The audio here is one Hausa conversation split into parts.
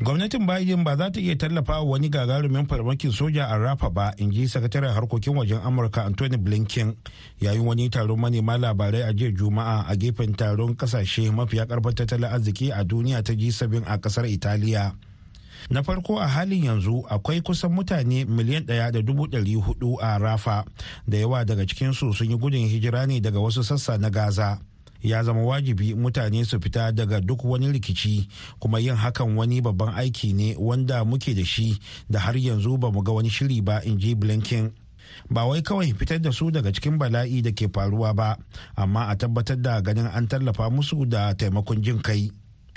gwamnatin biden ba za ta iya tallafa wani gagarumin farmakin soja a rafa ba in ji sakataren harkokin wajen amurka anthony blinken yayin wani taron manema labarai a jiya juma'a a gefen taron kasashe mafiya karfin tattalin arziki a duniya ta g7 a kasar italiya na farko a halin yanzu akwai kusan mutane miliyan ɗaya da dubu ɗari hudu a rafa da yawa daga cikinsu sun yi gudun hijira ne daga wasu sassa na gaza ya zama wajibi mutane su fita daga duk wani rikici kuma yin hakan wani babban aiki ne wanda muke da shi da har yanzu ba mu ga wani shiri ba in ji blinken ba wai kawai fitar da su daga cikin bala'i da ke faruwa ba amma a tabbatar da ganin an tallafa musu da taimakon jin kai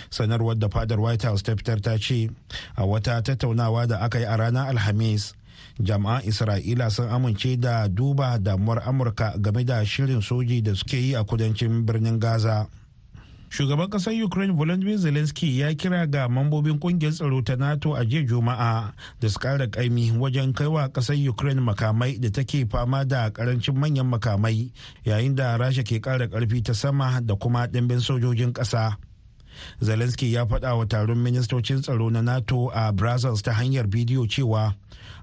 sanarwar da fadar white house ta fitar ta ce a wata tattaunawa da aka yi a ranar alhamis jami'an isra'ila sun amince da duba damuwar amurka game da shirin soji da suke yi a kudancin birnin gaza shugaban kasar ukraine volodymyr zelensky ya kira ga mambobin kungiyar tsaro ta nato a jiya juma'a da su kara kaimi wajen kaiwa kasar ukraine makamai da take fama da karancin manyan makamai yayin da rasha ke kara karfi ta sama da kuma dimbin sojojin kasa zelensky ya faɗa wa taron ministocin tsaro na nato a brazils ta hanyar bidiyo cewa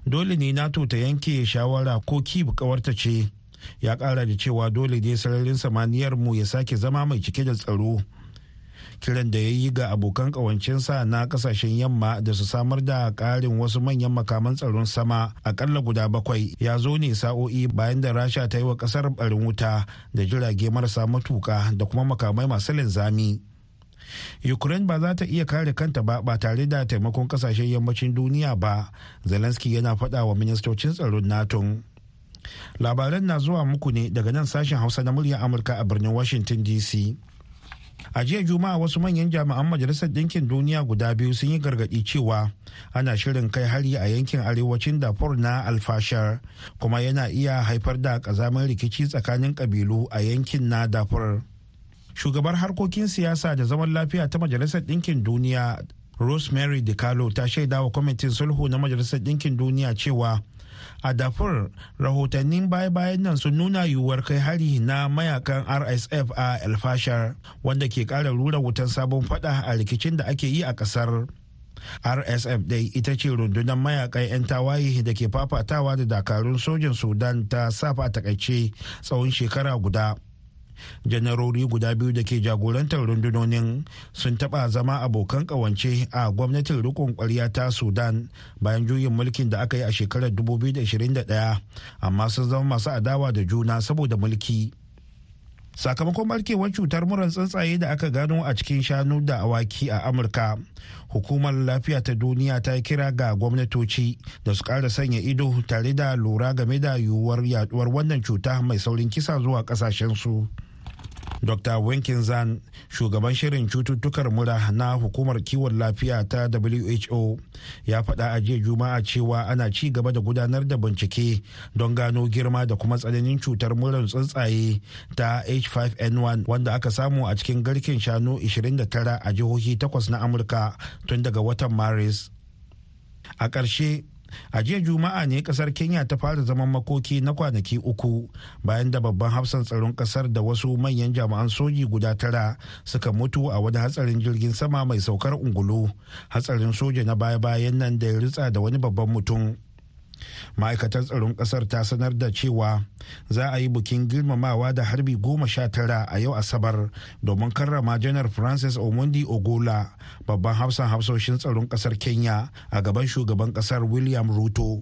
dole ne nato ta yanke shawara ko kib kawarta ce ya ƙara da cewa dole ne sararin samaniyar mu ya sake zama mai cike da tsaro kiran da ya yi ga abokan ƙawancinsa na ƙasashen yamma da su samar da ƙarin wasu manyan makaman tsaron sama akalla guda bakwai ya zo ne sa'o'i bayan da rasha ta yi wa ƙasar barin wuta da jirage marasa matuƙa da kuma makamai masu linzami. ukraine ba za ta iya kare kanta ba ba tare da taimakon kasashen yammacin duniya ba zelensky yana faɗa wa ministocin tsaron nato labaran na zuwa muku ne daga nan sashen hausa na muryar amurka a birnin washington dc a jiya juma'a wasu manyan jami'an majalisar ɗinkin duniya guda biyu sun yi gargaɗi cewa ana shirin kai hari a yankin arewacin darfur na alfashar kuma yana iya haifar da ƙazamin rikici tsakanin ƙabilu a yankin na darfur shugabar harkokin siyasa da zaman lafiya ta majalisar ɗinkin duniya rosemary DiCarlo ta shaida wa kwamitin sulhu na majalisar ɗinkin duniya cewa a dafur rahotannin baya-bayan nan sun nuna yiwuwar kai hari na mayakan rsf a elfashar wanda ke ƙara rura wutan sabon fada a rikicin da ake yi a ƙasar rsf dai ita ce rundunar mayakan 'yan tawaye da ke fafatawa da dakarun sojin sudan ta safa a takaice tsawon shekara guda janarori guda biyu da ke jagorantar rundunonin sun taba zama abokan ƙawance a gwamnatin rikon ƙwarya ta sudan bayan juyin mulkin da aka yi a shekarar 2021 amma sun zama masu adawa da juna saboda mulki sakamakon barkewar cutar muran tsuntsaye da aka gano a cikin shanu da awaki a amurka hukumar lafiya ta duniya ta kira ga gwamnatoci da su kara sanya ido tare da lura game da yiwuwar yaduwar wannan cuta mai saurin kisa zuwa ƙasashensu. su dr winkin zan shugaban shirin cututtukar mura na hukumar kiwon lafiya ta who ya faɗa a jiya juma'a cewa ana ci gaba da gudanar da bincike don gano girma da kuma tsananin cutar murar tsuntsaye ta h5n1 wanda aka samu a cikin garkin shanu 29 a jihohi takwas na amurka tun daga watan maris a ƙarshe a jiya juma'a ne kasar kenya ta fara zaman makoki na kwanaki uku bayan da babban hafsan tsaron kasar da wasu manyan jami'an soji guda tara suka mutu a wani hatsarin jirgin sama mai saukar ungulu hatsarin soja na baya-bayan nan da ya ritsa da wani babban mutum ma'aikatar tsaron kasar ta sanar da cewa za a yi bukin girmamawa da harbi goma sha tara a yau asabar domin karrama janar francis omondi ogola babban hafsan hafsoshin tsaron kasar kenya a gaban shugaban kasar william ruto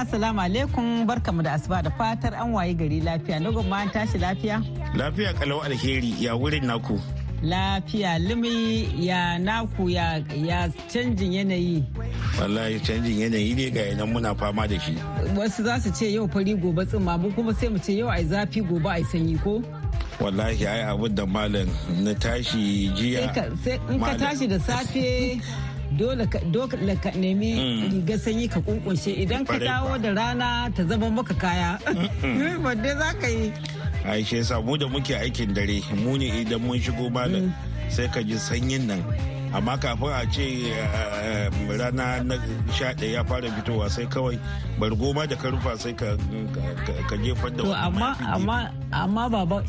assalamu alaikum barkamu da asuba da fatar an waye gari lafiya na ma an tashi lafiya lafiya kalau alheri ya wurin naku lafiya limi ya naku ya canjin yanayi wallahi canjin yanayi ne ga yanan muna fama da shi wasu za su ce yau fari gobe tsumma mu kuma sai mu ce yau ai zafi gobe ai sanyi ko wallahi ai abin da malam na tashi jiya in ka tashi da safe dole ka nemi mm. riga sanyi ka kunkunshe idan ka dawo da rana ta zama maka kaya wadda za ka yi aishe samu da muke aikin dare mu ne idan mun shigo malam mm. sai ka ji sanyin nan amma kafin a ce eh, rana na shaɗe ya fara fitowa sai kawai goma da karfa sai ka jefar da wani amma baba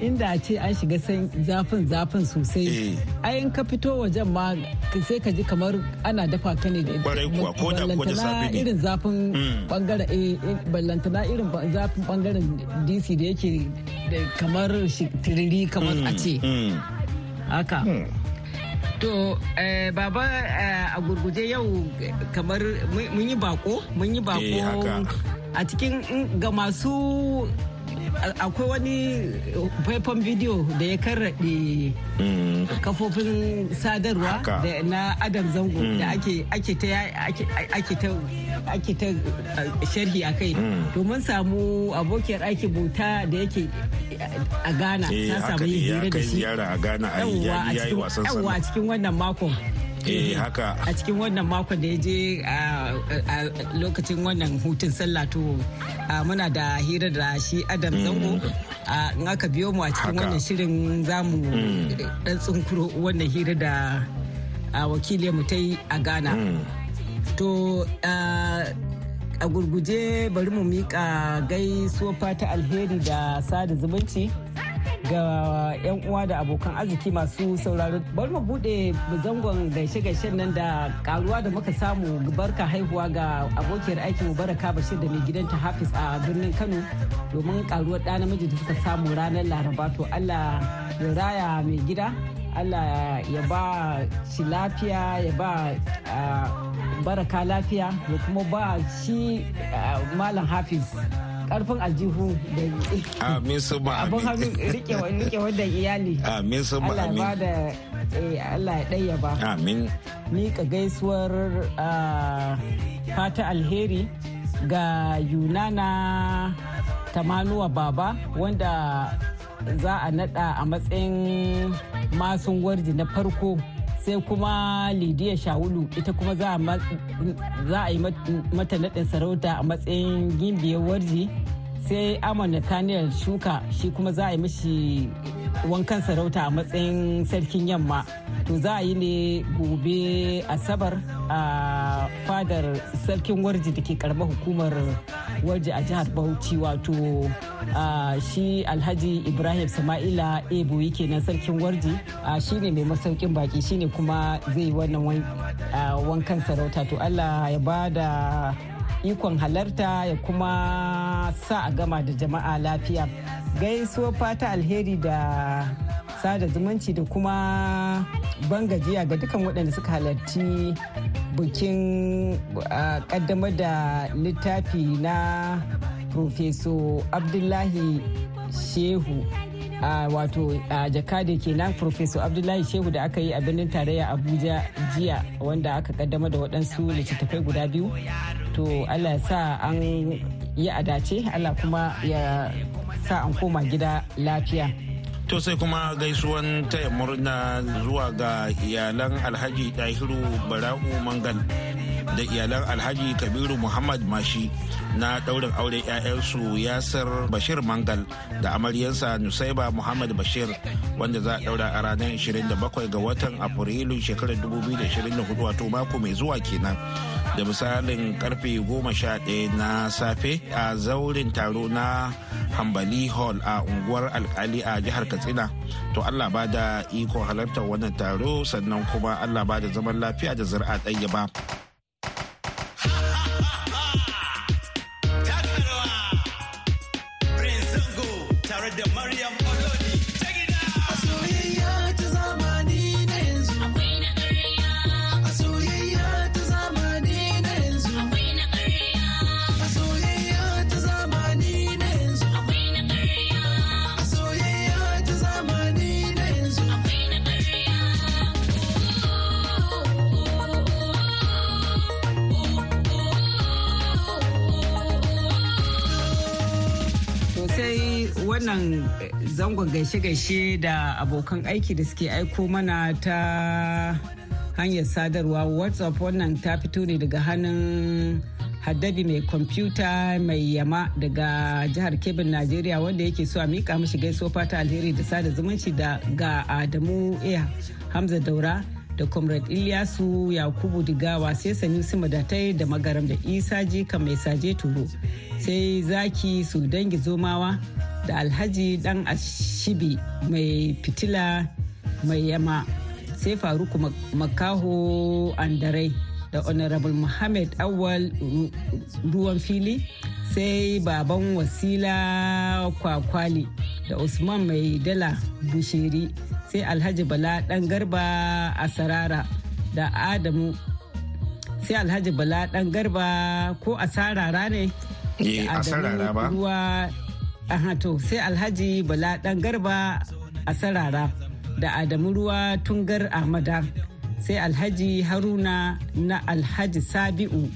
inda ce an shiga zafin zafin sosai eh. ayin ka fito wajen ma sai ka ji kamar ana dafa ka ne da ballantana irin zafin hmm. bangaren eh, ballantana irin zafin bangaren dc da yake kamar tiriri kamar a hmm, ce hmm. haka To eh, baba eh, a gurguje yau kamar mun yi bako mun yi bako eh, a cikin ga masu akwai wani faifan bidiyo da ya karraɗe mm. kafofin sadarwa na adam zango da mm. ake ta ake ta uh, sharhi a kai mm. domin samu abokiyar aiki bauta da yake a ghana eh, ta samu yin hira da shi yawa a cikin wannan makon Eh, eh haka a cikin wannan makon da ya je a lokacin wannan hutun sallah to muna da hira da shi adam mm. zango in aka biyo mu a cikin wannan shirin zamu mm. dan tsunkuro wannan hira da wakiliyar mu ta yi a ghana mm. to a gurguje bari mu miƙa gaisuwa ta alheri da sada zumunci ga 'yan uwa da abokan arziki masu sauraro bari mu bude zangon gaishe-gaishen nan da karuwa da muka samu barka haihuwa ga abokiyar aikin baraka bashir da mai gidanta hafiz a birnin kano domin karuwar ɗa namiji da suka samu ranar laraba to allah ya raya mai gida allah ya ba shi lafiya ya ba baraka lafiya ya kuma ba shi malam hafiz karfin aljihu da amin su ma abin hannun rike wannan iyali amin su ma amin Allah da eh, Allah ya ɗaya ba amin ni ka gaisuwar ah, fata alheri ga yunana tamanuwa baba wanda za a nada a matsayin masun warji na farko sai kuma lidiya shawulu ita kuma za a yi mata naɗin sarauta a matsayin gimbiyar warji sai amon nathaniel shuka shi kuma za a yi mishi wankan sarauta a matsayin sarkin yamma to za a yi ne gobe asabar a fadar sarkin warji da ke karba hukumar warji a jihar bauchi wato shi alhaji ibrahim sama'ila ebo yake nan sarkin warji shi ne mai masaukin baki shi ne kuma zai wannan wankan sarauta to allah ya ba da ikon halarta ya kuma sa a gama da jama'a lafiya gaisuwar fata alheri da sada zumunci da kuma ban gajiya ga dukkan waɗanda suka halarci bukin kaddamar da littafi na profeso abdullahi shehu a wato a ke kenan profeso abdullahi shehu da aka yi a birnin tarayya abuja jiya wanda aka ƙaddamar da waɗansu littattafai guda biyu to allah ya sa an yi a dace allah kuma ya sa an koma gida lafiya To sai kuma gaisuwan taya murna zuwa ga iyalan Alhaji Dahiru Bara'u Mangal da iyalan alhaji kabiru muhammad mashi na daurin auren 'ya'yansu yasir bashir mangal da amaryarsa nusaiba muhammad bashir wanda za a daura a ranar 27 ga watan afrilu shekarar 2024 wato mako mai zuwa kenan da misalin karfe 11 na safe a zaurin taro na hambali hall a unguwar alkali a jihar katsina to allah ba da iko halartar wannan taro sannan kuma allah ba da zaman lafiya da zira'a ɗaya ba zangon gaishe-gaishe da abokan aiki da suke aiko mana ta hanyar sadarwa whatsapp wannan ta fito ne daga hannun haddabi mai kwamfuta mai yama daga jihar kebin najeriya wanda yake so a mika mashi gaisuwa fata alheri da sada zumunci da ga adamu iya hamza daura da comrade ilyasu yakubu digawa sai da madatai da magaram da isa jika mai saje turo sai zaki su dangi zomawa da alhaji dan ashibi mai fitila mai yama sai faruku makaho andarai da honorable muhammad awal ruwan fili sai baban wasila kwakwali da usman mai dala bushiri sai alhaji bala dan garba a sarara da adamu sai alhaji bala dan garba ko a sarara ne a sarara ba to sai alhaji bala ɗan garba a sarara da adamu ruwa tungar ahmada sai alhaji haruna na alhaji sabi'u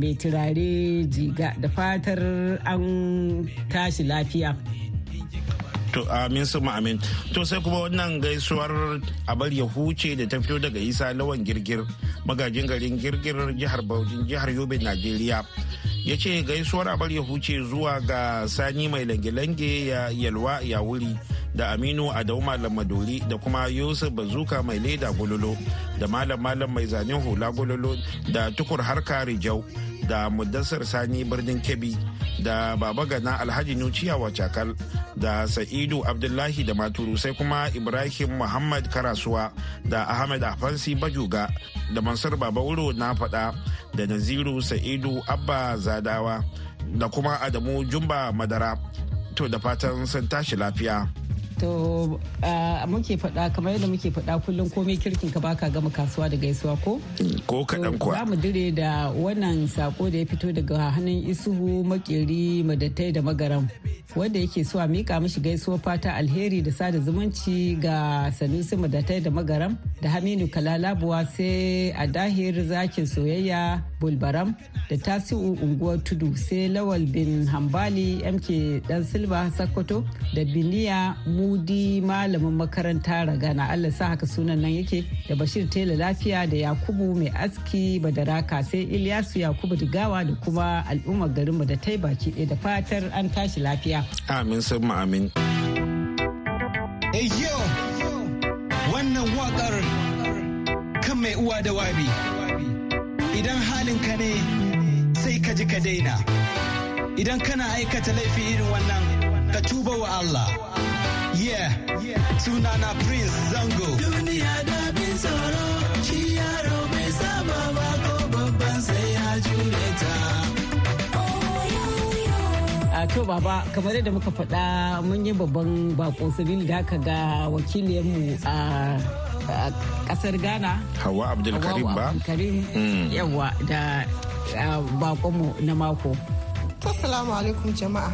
mai turare jiga da fatar an tashi lafiya to amin suma amin to sai kuma wannan gaisuwar abar ya huce da ta fito daga isa lawan girgir magajin garin girgir jihar Bauchi jihar yobe najeriya ya ce gaisuwar abar ya huce zuwa ga sani mai lange-lange ya yalwa ya wuri da aminu adau malam maduri da kuma yusuf bazuka mai leda gololo da malam malam mai zanen hula gololo da tukur harka rijau da muddassar sani birnin kebbi da baba gana alhaji wa cakal da sa'idu abdullahi da maturu sai kuma ibrahim muhammad karasuwa da ahmed afansi bajuga da mansur baba wuro na fada da naziru sa'idu abba zadawa da kuma adamu jumba madara to da fatan sun tashi lafiya To muke faɗa kamar yadda muke faɗa kullum komai kirkin ka baka gama kasuwa da gaisuwa ko? Ko kaɗan kuwa. Za mu dire da wannan sako da ya fito daga hannun isuhu makeri madattai da magaram wanda yake so a mika mishi gaisuwa fata alheri da sada zumunci ga sanusi madattai da magaram da haminu kalalabuwa sai a dahir zakin soyayya bulbaram da tasiu unguwar tudu sai lawal bin hambali mk dan silva sakkwato da biniya mudi malamin makaranta ragana allah sa haka sunan nan yake da bashir tela lafiya da yakubu mai aski badaraka sai ilyasu yakubu digawa da kuma al'ummar garinmu da ta baki ɗaya da fatar an tashi lafiya amin sun amin wannan waƙar kan mai uwa da wabi idan halin ka ne sai ka ji ka daina idan kana aikata laifi irin wannan ka tuba wa Allah yeah sunana prince zango duniya da bin tsoro shi yaro mai zama ba ko babban sai ya jure ta to baba kamar yadda muka faɗa mun yi babban bakon sabili da aka ga wakiliyarmu a kasar ghana hawa abdulkarim ba hmm. yawa da ah, bakonmu na mako assalamu alaikum jama'a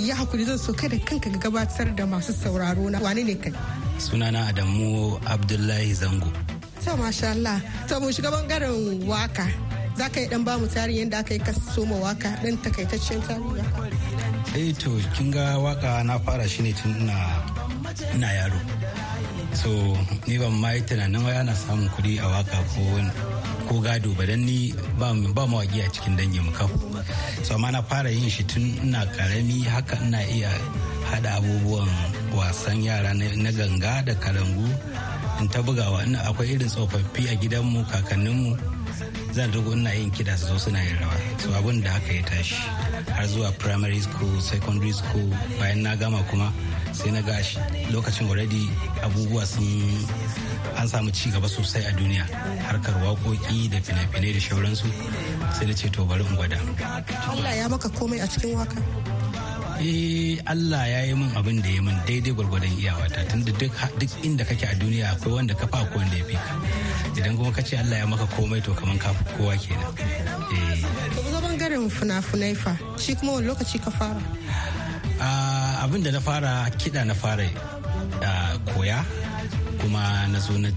ya hakuri zan so kada kanka gabatar da masu sauraro na wane ne kai sunana adamu abdullahi zango ta masha Allah ta mu shiga bangaren waka za ka yi dan bamu tarihin yadda aka yi kaso ma waka dan takaitaccen tarihi eh to kin ga waka na fara shi ne tun ina yaro so ni ban ma yi tunanin waya na samun kuɗi a waka ko ko gado ba dan ni ba ba mawaki a cikin dangin mu kaf so amma na fara yin shi tun ina karami haka ina iya haɗa abubuwan wasan yara na ganga da kalangu in ta bugawa ina akwai irin tsofaffi a gidanmu kakanninmu zan rugu ina yin kida su zo suna yin rawa su abun da haka ya tashi har zuwa primary school secondary school bayan na gama kuma sai na ga lokacin already abubuwa sun an samu ci gaba sosai a duniya harkar waƙoƙi da fina-finai da shauransu sai na ce to bari in gwada Allah ya maka komai a cikin waka eh Allah ya yi min abin da ya min daidai gwargwadon iyawata tunda duk inda kake a duniya akwai wanda ka fa wanda ya fi ka idan kuma kace Allah ya maka komai to kaman ka kowa kenan eh to ga bangaren funafunai fa shi kuma wani lokaci ka fara ah, abin da na fara kiɗa na fara ah, koya kuma na zo na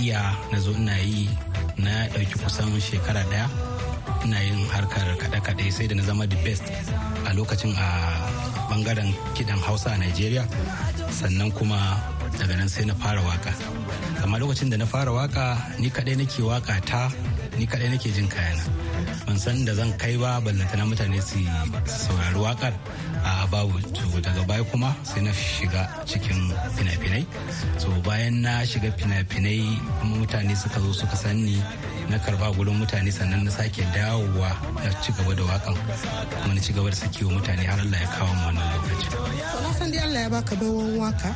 iya na zo ina yi na ɗauki kusan shekara ɗaya ina yin harkar kaɗe-kaɗe sai da na zama the best a lokacin a bangaren kiɗan hausa a nigeria sannan kuma daga nan sai na fara waka amma lokacin da na fara waka ni kaɗai nake waka ta ni kaɗai nake jin kayana ban san da zan kai ba na mutane su saurari wakar a babu tugu daga baya kuma sai na shiga cikin fina-finai so bayan na shiga fina-finai kuma mutane suka zo suka sanni na karba wurin mutane sannan na sake dawowa na ci gaba da wakan kuma na ci gaba da sakewa mutane har Allah ya kawo mu wannan lokaci. Sana san dai Allah ya baka bawon waka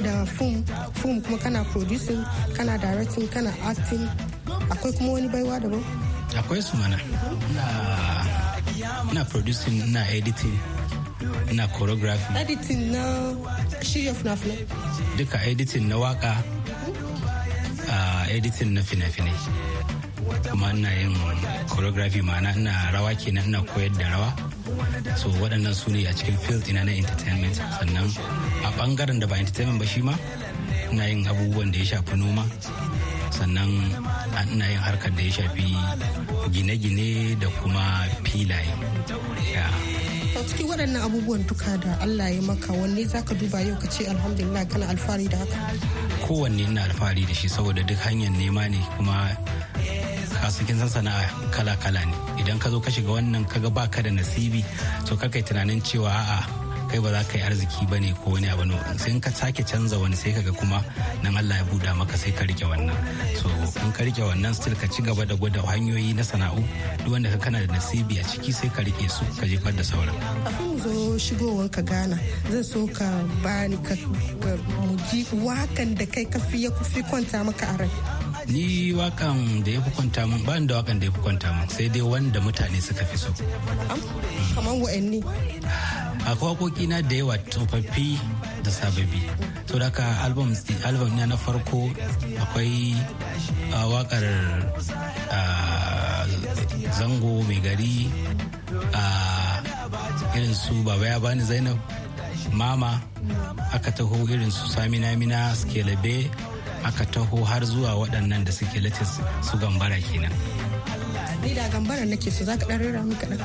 da film film kuma kana producing kana directing kana acting akwai kuma wani baiwa daban akwai su mana na producing na editing na choreography editing na shirya fina-finai duka editing na waka ah, editing na fina-finai kuma ina yin choreography ma'ana ina rawa kenan ina koyar da rawa so waɗannan su ne a cikin field ina na entertainment sannan a ɓangaren da ba entertainment ba shi ma ina yin abubuwan da ya shafi noma sannan ina yin harkar da ya shafi gine-gine da kuma filaye cikin waɗannan abubuwan duka da Allah ya maka wanne zaka duba yau ka ce alhamdulillah kana alfahari da haka kowanne ina alfahari da shi saboda duk hanyar nema ne kuma kasuwancin san sana'a kala-kala ne idan ka zo ka shiga wannan kaga baka da nasibi to ka kai tunanin cewa a'a kai ba za ka yi arziki ba ne ko wani abu ne sai ka sake canza wani sai kaga kuma nan Allah ya buɗa maka sai ka rike wannan so in ka rike wannan still ka ci gaba da gwada hanyoyi na sana'u duk wanda ka kana da nasibi a ciki sai ka rike su ka jefar da sauran abin mu zo shigowar ka gana zan so ka bani ka mu ji wakan da kai ka fi kwanta maka a rai ni wakan da ya fi kwanta min ba da wakan da ya fi kwanta min sai dai wanda mutane suka fi so kamar wa'anni akwai wakoki na da yawa tsofaffi da sababi. to da ka album na na farko akwai wakar zango mai gari irin su baba ya bani zainab mama aka taho irin su sami namina skelabe aka taho har zuwa waɗannan da suke latis su gambara kenan ni da gambara nake so za ka ɗan rera mika ɗan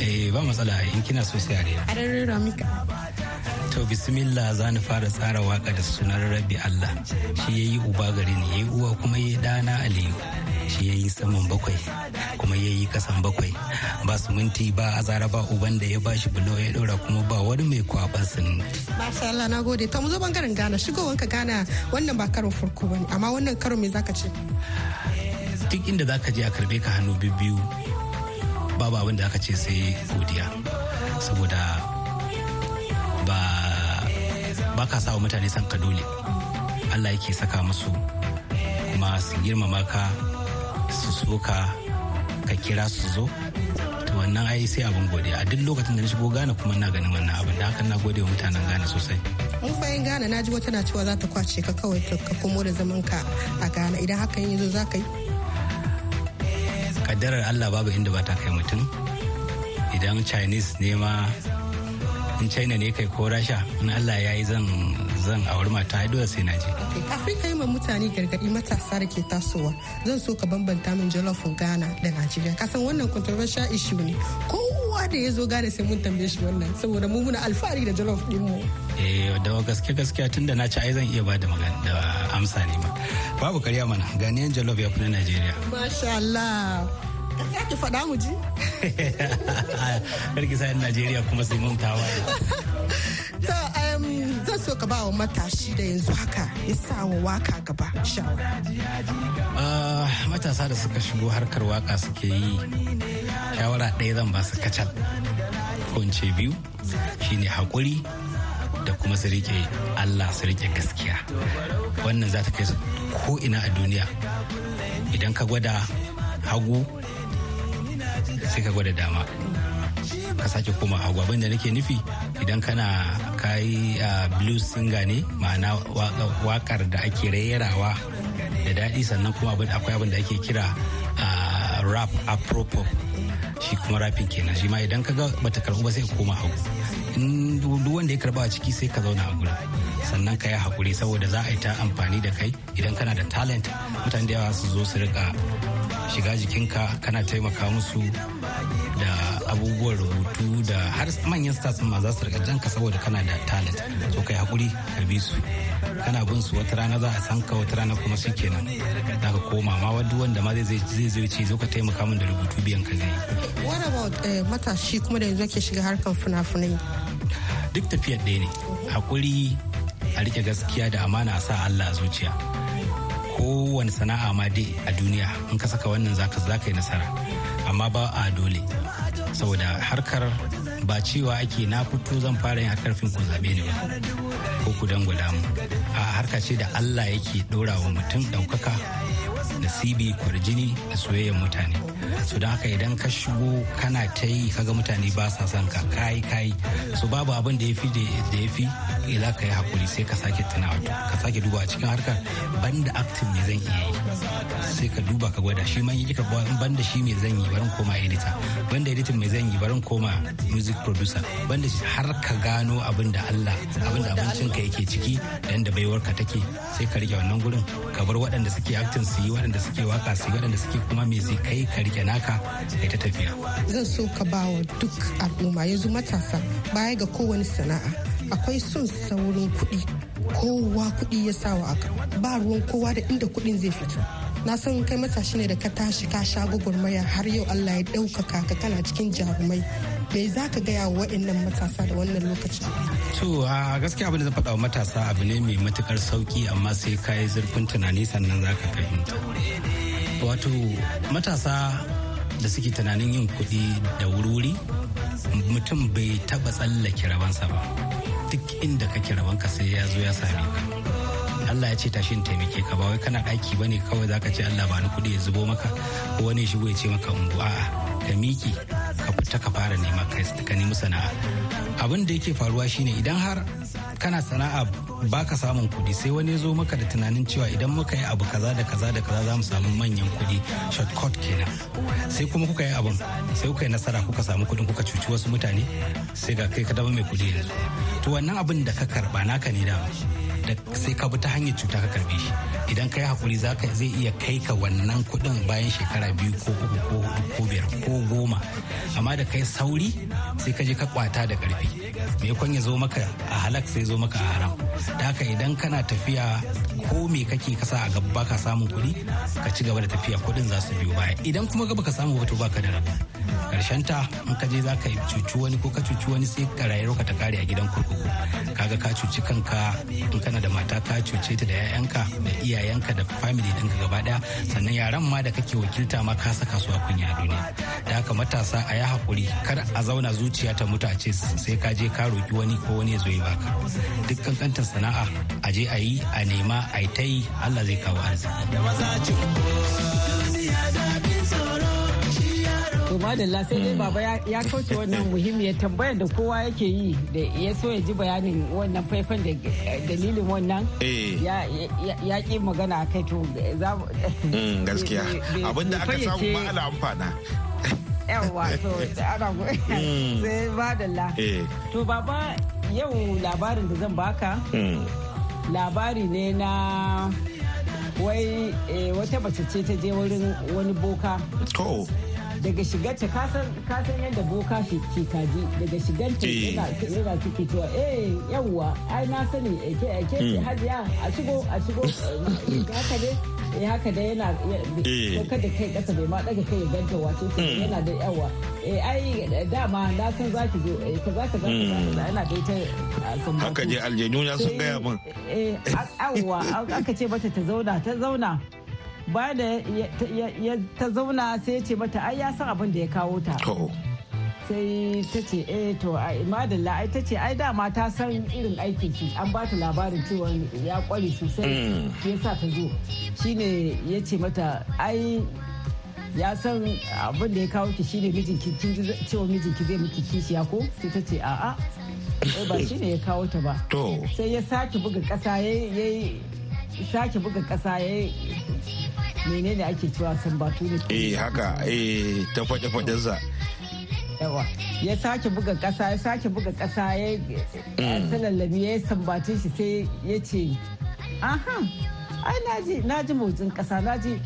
eh ba matsala in kina so sai a rera a rera mika To bismillah za ni fara tsara waka da sunan rabbi Allah shi ya yi uba gari ne yi uwa kuma yayi ɗana Aliyu. shi ya yi saman bakwai kuma ya yi kasan bakwai ba su minti ba zara ba uban da ya ba shi bulo ya ɗora kuma ba wani mai kwaɓa sun. na gode ta mu zo bangaren shigo wanka gana wannan ba karo farko ba amma wannan karon me zaka ce? Duk inda zaka je a karbe ka hannu biyu babu abin da aka ce sai godiya saboda ba ba ka sa wa mutane san ka dole Allah yake saka musu kuma su girmama ka su soka ka kira su zo to wannan ai sai abin gode a duk lokacin da na shigo gane kuma na ganin wannan abin da haka na gode wa mutanen gane sosai mun bayan gane na ji wata na cewa za ta kwace ka kawai ka komo da zaman ka a gane idan yin zo za ka yi kaddarar allah babu inda ba ta kai mutum idan chinese ne ma in china ne kai ko rasha in allah ya yi zan zan auri mata dole sai na je. Afirka yi ma mutane gargaɗi matasa da ke tasowa zan so ka bambanta min jollof Ghana da Najeriya. Kasan wannan controversial issue ne. Kowa da ya zo Ghana sai mun tambaye shi wannan saboda mu muna alfahari da jollof din mu. Eh da gaske gaskiya tun da na ci ai zan iya bada magana da amsa ne ma. Babu karya mana ganiyan jollof ya fi na Najeriya. Masha Allah. ki faɗa mu ji? Karki sa'in Najeriya kuma sai mun tawaye. ta um, zan so ka ba wa matashi da yanzu haka ya sa wa waka gaba shawara ah, matasa da suka shigo harkar waka suke yi shawara ɗaya zan ba su kacal ko biyu shine hakuri da kuma su rike Allah su rike gaskiya wannan za ta kai su ko ina a duniya idan ka gwada hagu sai ka gwada dama ka sake koma hagu abin da nake nufi idan kana kayi blues singer ne ma'ana wakar da ake rayarawa da daɗi sannan kuma akwai abin da ake kira rap apropos shi kuma rafin kenan shi ma idan ka ga bata karbu ba sai ka koma hagu in duk wanda ya karɓa a ciki sai ka zauna a gurin sannan ka yi hakuri saboda za a yi ta amfani da kai idan kana da talent mutane da yawa su zo su rika shiga jikinka kana taimaka musu da abubuwan rubutu da har manyan stars ma za su rika ka saboda kana da talent to kai hakuri ka bi su kana bin su wata rana za a san ka wata rana kuma shi kenan za ka koma ma wadda wanda ma zai zai ce zo ka taimaka min da rubutu biyan ka zai what about eh, matashi kuma da yanzu ke shiga harkar fina duk tafiyar ɗaya ne hakuri a rike gaskiya da amana a sa Allah zuciya kowane sana'a ma dai a duniya in ka saka wannan zaka zaka yi nasara amma ba a dole saboda harkar ba cewa ake na fito zan fara yin harkar ku zabe ne ba ko ku dangula mu a harka ce da Allah yake dora wa mutum ɗaukaka nasibi kwarjini da soyayyen mutane su don haka idan ka shigo kana ta yi kaga mutane ba sa son ka kayi kayi su babu abin da ya fi da ya fi Eh, za ka yi hakuri sai ka sake tunawa ka sake duba a cikin harkar banda actin ne zan iya yi sai ka duba ka gwada shi man yi ka banda shi mai zan yi barin koma editor banda editor mai zan yi barin koma music producer banda har ka gano abin da Allah abin da abincin ka yake ciki dan da baiwar ka take sai ka rike wannan gurin ka bar waɗanda suke acting su yi waɗanda suke waka su yi waɗanda suke kuma me zai kai ka rike naka sai ta tafiya zan so ka bawa duk al'umma yanzu matasa baya ga kowane sana'a akwai son saurin kuɗi kowa kuɗi ya sawa aka ba ruwan kowa da inda kuɗin zai fito na san kai matashi ne da ka tashi ka sha gwagwarmaya har yau allah ya ɗaukaka ka kana cikin jarumai me za ka gaya wa waɗannan matasa da wannan lokaci to a gaskiya abin da zan faɗa wa matasa abu ne mai matukar sauki amma sai ka yi zurfin tunani sannan za ka fahimta wato matasa da suke tunanin yin kuɗi da wuri mutum bai taɓa tsallake rabansa ba duk inda kake ka sai ya zo ya same ka Allah ya ce tashi in taimake ka ba wai kana aiki bane kawai zaka ce Allah ba ni kuɗi ya zubo maka ko wani shigo ya ce maka in a'a ka miki ka fita ka fara kai ka nemi sana'a abin da yake faruwa shine idan har kana sana'a baka samun kuɗi sai wani zo maka da tunanin cewa idan muka yi abu kaza da kaza da kaza za mu samu manyan kudi shortcut kenan sai kuma kuka yi abin sai kuka yi nasara kuka samu kuɗin kuka cuci wasu mutane sai ga kai ka dama mai kuɗi yanzu to wannan abin da ka karba naka ne dama da sai ka bi ta hanyar cuta ka karbe shi idan ka yi hakuri za ka zai iya kai ka wannan kuɗin bayan shekara biyu ko uku ko hudu ko biyar ko goma amma da kai sauri sai ka je ka kwata da karfi me kwan ya zo maka a halak sai zo maka a haram ta haka idan kana tafiya ko me kake kasa a gaba ka samun kuɗi ka ci gaba da tafiya kuɗin za su biyo baya idan kuma gaba ka samu wato baka da rabu karshen ta in ka je za ka cuci wani ko ka cuci wani sai ka rayuwar ka ta kare a gidan kurkuku kaga ka cuci kanka in kana da mata ka cuce ta da 'ya'yanka da iyayenka da family ɗinka gaba ɗaya sannan yaran ma da kake wakilta ma ka saka su a kunya a duniya da haka matasa a yi hakuri kar a zauna zuciya ta mutu a ce sai ka je ka roki wani ko wani zo yi baka duk kankantar sana'a a je a yi a nema a ta yi Allah zai kawo arziki madalla sai dai baba ya kauce wannan muhimmiyar tambayar da kowa yake yi da ya so ya ji bayanin wannan faifan da dalilin wannan eh. ya ki magana a kai to mm, gaskiya abinda aka samu ma'ala amfana yawa to ana hmm. sai ba da la eh. to baba yau labarin da zan baka hmm. labari ne na wai eh, wata bace ce ta je wurin wani boka daga shigarta kasan yadda boka ke kaji daga shigarta eh. yana kike cewa eh yawwa ai na sani ake ake hmm. hajiya a shigo a shigo ya ne ya eh, haka da yana eh. da kai kasa bai ma daga kai ganta wato hmm. yana da yawa eh ai dama na san za zo eh ka za ka hmm. yana da ita ah, kamar haka je aljanu ya sun gaya min eh awwa aka ce mata ta zauna ta zauna ba da ta zauna sai ya ce mata ai ya san abin da ya kawo ta sai ta ce eh to madalla ai ta ce ai dama ta san irin aikin ki an ba ta labarin cewa ya kware sosai mm. ya sa ta zo shine ya ce mata ai ya san abin da ya kawo ki shine mijinki cewa mijinki zai miki kishiya ko sai ta ce a'a ba shine ya kawo ta ba sai ya sake buga kasa ya sake buga kasa ya menene ake cewa san batu ne eh haka eh ta faɗe faɗensa yawa ya sake buga kasa ya sake buga kasa ya mm. salallami ya sambace shi sai ya ce aha ai na ji motsin kasa na ji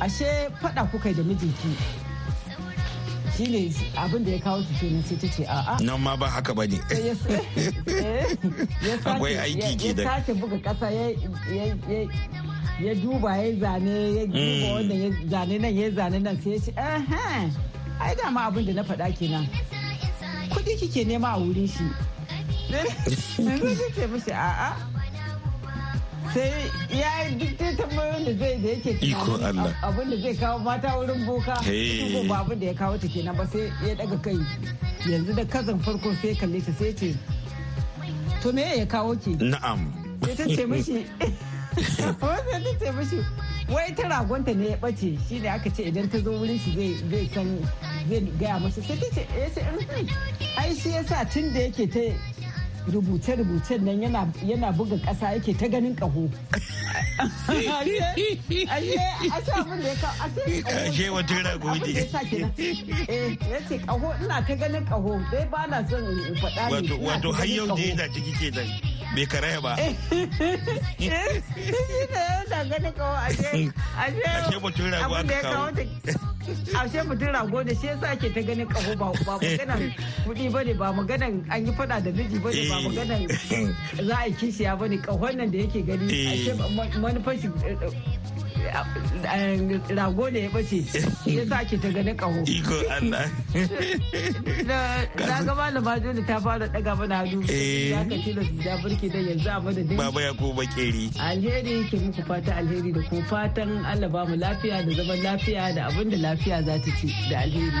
ashe fada kuka da mijinki shine abin da ya kawo su kenan sai ta ce a a nan ma ba haka bane eh, akwai aiki ke da ya sake buga kasa ya duba ya zane ya duba mm. wannan ya zane nan ya zane nan sai ya ce ai dama abin da na faɗa kenan kuɗi kike nema a wurin shi yanzu ce mishi a'a sai ya yi duk da tambayoyin da zai da yake tunanin abin da zai kawo mata wurin boka ko ba abin da ya kawo ta kenan ba sai ya daga kai yanzu da kazan farko sai kalle ta sai ce to me ya kawo ki na'am sai ta ce mishi wanda ta ce mishi wai ta ragonta ne ya bace shi ne aka ce idan ta zo wurin shi zai san zai gaya masa sai ta ce eh, ai shi yasa tun da yake ta rubuce-rubucen nan yana buga kasa yake ta ganin ƙaho. Ashe wata rago ne. Eh, ya ce kaho ina ta ganin kaho dai ba na son faɗa ne. Wato har yau da yana ciki ke nan. bai karaya ba ashe mutum rago aka kawo ashe mutum rago shi yasa ke ta ba maganan kuɗi bane ba maganan da miji ne ba eh. maganan za a kishiya bane kahon nan da yake gani ashe eh. rago da ya bace ya sa ta gani kaho iko Allah na ga malama dole ta fara ɗaga mana hannu eh. ya ka tilo da burki da yanzu a madadin baba ya ko bakeri alheri ke muku fata alheri da ko fatan Allah ba mu lafiya da zaman lafiya da abin da lafiya za ta ci da alheri